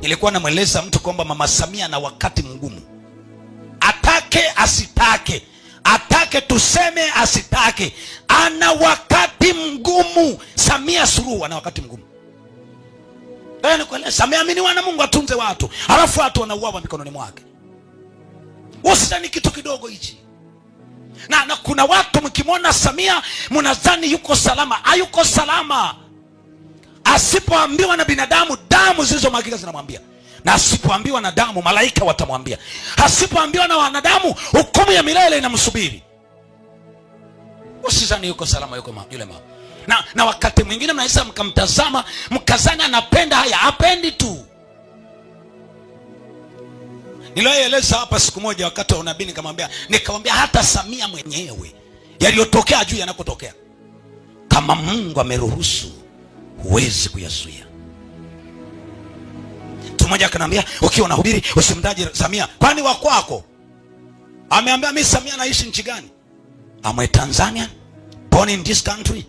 Nilikuwa namweleza mtu kwamba mama Samia ana wakati mgumu, atake asitake, atake tuseme asitake, ana wakati mgumu. Samia Suluhu ana wakati mgumu. Nikueleza, ameamini wana Mungu atunze watu, alafu watu wanauawa mikononi mwake. Usidhani kitu kidogo hichi na, na kuna watu mkimwona Samia mnadhani yuko salama. Hayuko salama asipoambiwa na binadamu damu zilizomwagika zinamwambia na asipoambiwa na damu malaika watamwambia asipoambiwa na wanadamu hukumu ya milele inamsubiri usizani yuko salama yuko ma, yule mama na, na wakati mwingine mnaweza mkamtazama mkazani anapenda haya apendi tu niliwaeleza hapa siku moja wakati wa unabii nikamwambia nikamwambia hata samia mwenyewe yaliyotokea juu yanakotokea kama mungu ameruhusu huwezi kuyazuia mmoja akanambia ukiwa nahubiri usimtaji Samia, kwani wa kwako? Ameambia mi Samia naishi nchi gani? amwe tanzania born in this country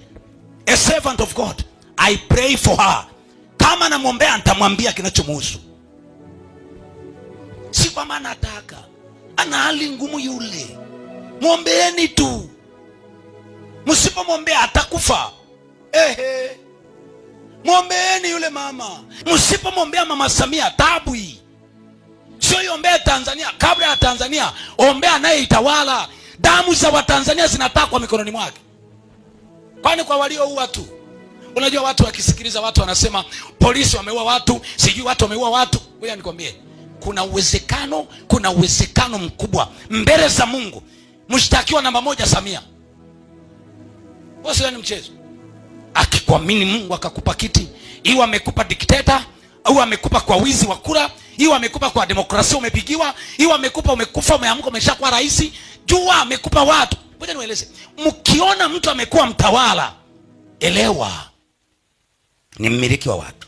a servant of God I pray for her. Kama namwombea ntamwambia kinachomuhusu, si kwamba anataka ana hali ngumu yule, mwombeeni tu, msipomwombea atakufa mwombeeni yule mama. Msipomwombea mama Samia tabu hii, sio iombee Tanzania, kabla ya Tanzania ombea anayeitawala. Damu za Watanzania zinatakwa mikononi mwake, kwani kwa walioua tu Unajua, watu wakisikiliza, watu wanasema polisi wameua watu, sijui watu wameua watu. Ngoja nikwambie, kuna uwezekano, kuna uwezekano mkubwa mbele za Mungu mshtakiwa namba moja Samia. Wewe, sio ni mchezo akikuamini Mungu akakupa kiti, iwe amekupa dikteta au amekupa kwa wizi wa kura, iwe amekupa kwa demokrasia umepigiwa, iwe amekupa umekufa, umeamka, umeshakuwa rais, jua amekupa watu. Ngoja niwaeleze, mkiona mtu amekuwa mtawala, elewa ni mmiliki wa watu.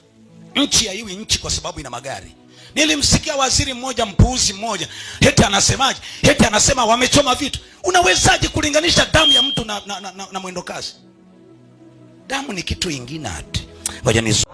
Nchi ya iwi nchi kwa sababu ina magari. Nilimsikia waziri mmoja mpuuzi mmoja, heti anasemaje? Heti anasema wamechoma vitu. Unawezaje kulinganisha damu ya mtu na, na, na, na, na mwendokazi kasi? Damu ni kitu ingine ati. Ngoja